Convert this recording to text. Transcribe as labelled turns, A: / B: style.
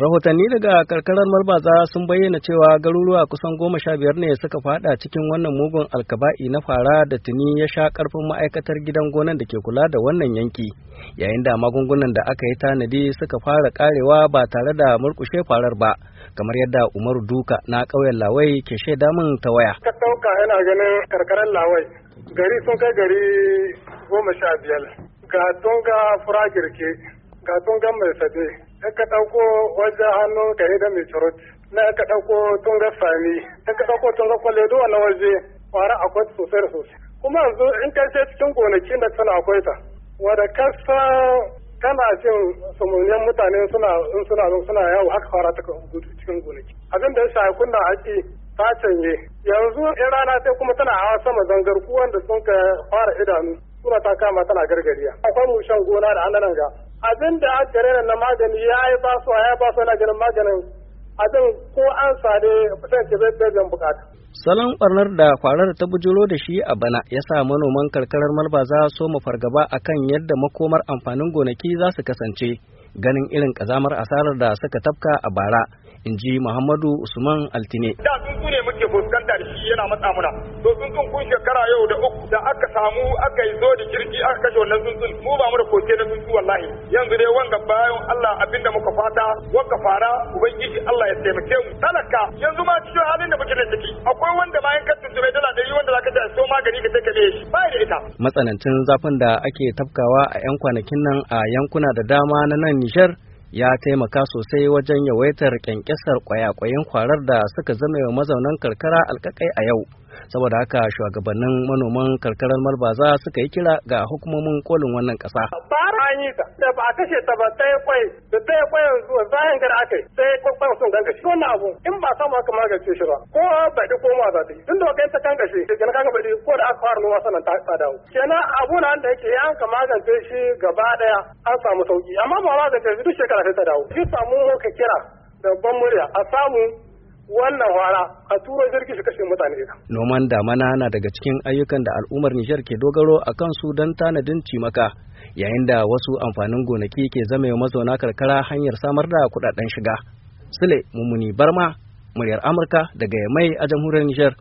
A: Rahotanni daga karkarar marbaza sun bayyana cewa garuruwa kusan goma sha biyar ne suka fada cikin wannan mugun alkaba'i na fara da tuni ya sha karfin ma'aikatar gidan gonan da ke kula da wannan yanki yayin da magungunan da aka yi tanadi suka fara karewa ba tare da murkushe farar ba kamar yadda Umaru Duka na ƙauyen Lawai ke shaida min ta waya.
B: Ka ɗauka Lawai gari sun kai gari goma sha biyar ga tunga fura girke ga tunga mai sade in ka ɗauko wajen hannun ka da mai turut na ka ɗauko tun ga sami in ka ɗauko tun ga kwale duwa na waje a akwai sosai da sosai kuma yanzu in ka ce cikin gonakin da tana akwai ta wadda kasa kana jin samuniyan mutane suna in suna suna yawo haka fara ta cikin gonaki abin da ya shafi kunna haƙi ta canye yanzu in rana sai kuma tana hawa sama zangar kuwan da sun ka fara idanu suna ta kama tana gargariya akwai mushen gona da ananan ga abin da aka rena na magani ya yi ba su ya ba su na ganin maganin abin ko an sade fitan ke zai jan bukata.
A: Salon barnar da kwarar ta bujiro da shi a bana ya sa manoman karkarar za su mu fargaba kan yadda makomar amfanin gonaki za su kasance ganin irin kazamar asarar da suka tafka a bara in ji Muhammadu Usman Altine. Da tsuntsu
C: ne muke fuskanta shi yana matsa muna. To tsuntsun kun shekara yau da uku da aka samu aka yi zo da jirgi wannan tsuntsun mu ba mu da koke na tsuntsu wallahi yanzu dai wanga bayan Allah abinda muka fata wanga fara ubangiji Allah ya taimake mu talaka yanzu ma cikin halin da muke da ciki akwai wanda ma in tuntube dala da yi wanda zaka ta so magani ka take ne shi bai da ita
A: matsanancin zafin da ake tafkawa a yan kwanakin nan a yankuna da dama na nan Nijar ya taimaka sosai wajen yawaitar kyankyasar kwayakwayin kwarar da suka zama mazaunan karkara alkakai a yau saboda haka shugabannin manoman karkarar malbaza suka yi kira ga hukumomin kolin wannan ƙasa.
B: an yi ta da ba a kashe ta ba ta yi kwai da ta yi kwai yanzu bayan gari aka yi ta yi kwai sun gangashi wannan abu in ba samu aka magance shi ba ko ba ko ma za ta yi tun da kai ta gangashi da kenan kaga bari ko da aka fara noma sanan ta tsada kenan abu na da yake ya ka magance shi gaba daya an samu sauki amma ba magance shi duk shekara sai ta dawo shi samu ka kira da ban murya a samu wannan wara a turo jirgi su kashe mutane ita.
A: Noman damana na daga cikin ayyukan da al'ummar Nijar ke dogaro a kansu don tanadin cimaka yayin da wasu amfanin gonaki ke zama mazauna karkara hanyar samar da kudaden shiga. Sule mummuni Barma, muryar Amurka daga Yamai a jamhuriyar Nijar.